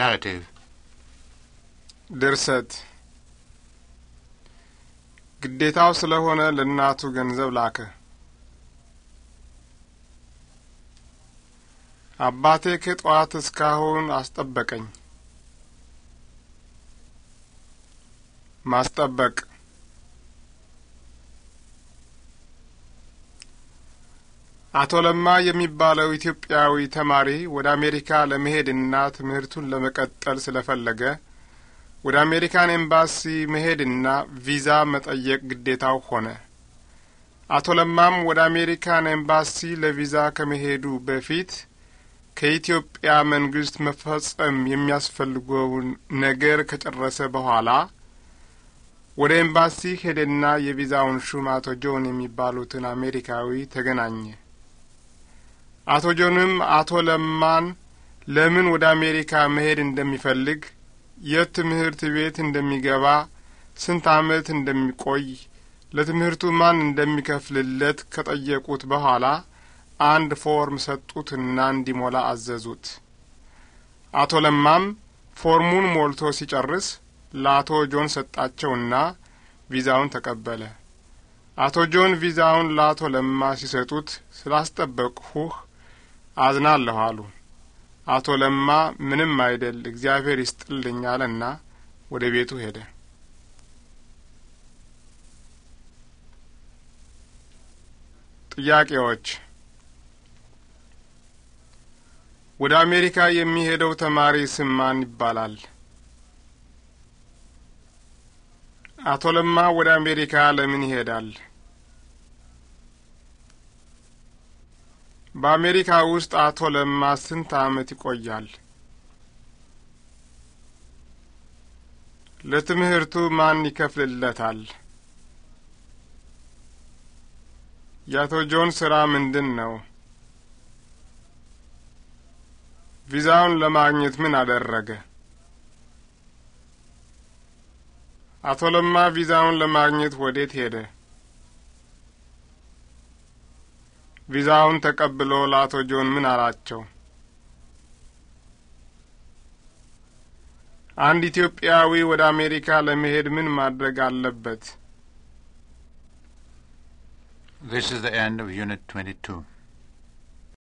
ናራቲቭ ድርሰት ግዴታው ስለሆነ ለእናቱ ገንዘብ ላከ። አባቴ ከጠዋት እስካሁን አስጠበቀኝ። ማስጠበቅ አቶ ለማ የሚባለው ኢትዮጵያዊ ተማሪ ወደ አሜሪካ ለመሄድና ትምህርቱን ለመቀጠል ስለፈለገ ወደ አሜሪካን ኤምባሲ መሄድና ቪዛ መጠየቅ ግዴታው ሆነ። አቶ ለማም ወደ አሜሪካን ኤምባሲ ለቪዛ ከመሄዱ በፊት ከኢትዮጵያ መንግስት መፈጸም የሚያስፈልገውን ነገር ከጨረሰ በኋላ ወደ ኤምባሲ ሄደና የቪዛውን ሹም አቶ ጆን የሚባሉትን አሜሪካዊ ተገናኘ። አቶ ጆንም አቶ ለማን ለምን ወደ አሜሪካ መሄድ እንደሚፈልግ፣ የት ትምህርት ቤት እንደሚገባ፣ ስንት ዓመት እንደሚቆይ፣ ለትምህርቱ ማን እንደሚከፍልለት ከጠየቁት በኋላ አንድ ፎርም ሰጡትና እንዲሞላ አዘዙት። አቶ ለማም ፎርሙን ሞልቶ ሲጨርስ ለአቶ ጆን ሰጣቸውና ቪዛውን ተቀበለ። አቶ ጆን ቪዛውን ለአቶ ለማ ሲሰጡት ስላስጠበቅሁህ አዝናለሁ አሉ። አቶ ለማ ምንም አይደል እግዚአብሔር ይስጥልኝ አለና ወደ ቤቱ ሄደ። ጥያቄዎች ወደ አሜሪካ የሚሄደው ተማሪ ስም ማን ይባላል? አቶ ለማ ወደ አሜሪካ ለምን ይሄዳል? በአሜሪካ ውስጥ አቶ ለማ ስንት ዓመት ይቆያል? ለትምህርቱ ማን ይከፍልለታል? የአቶ ጆን ስራ ምንድን ነው? ቪዛውን ለማግኘት ምን አደረገ? አቶ ለማ ቪዛውን ለማግኘት ወዴት ሄደ? ቪዛውን ተቀብሎ ለአቶ ጆን ምን አላቸው? አንድ ኢትዮጵያዊ ወደ አሜሪካ ለመሄድ ምን ማድረግ አለበት? This is the end of Unit 22.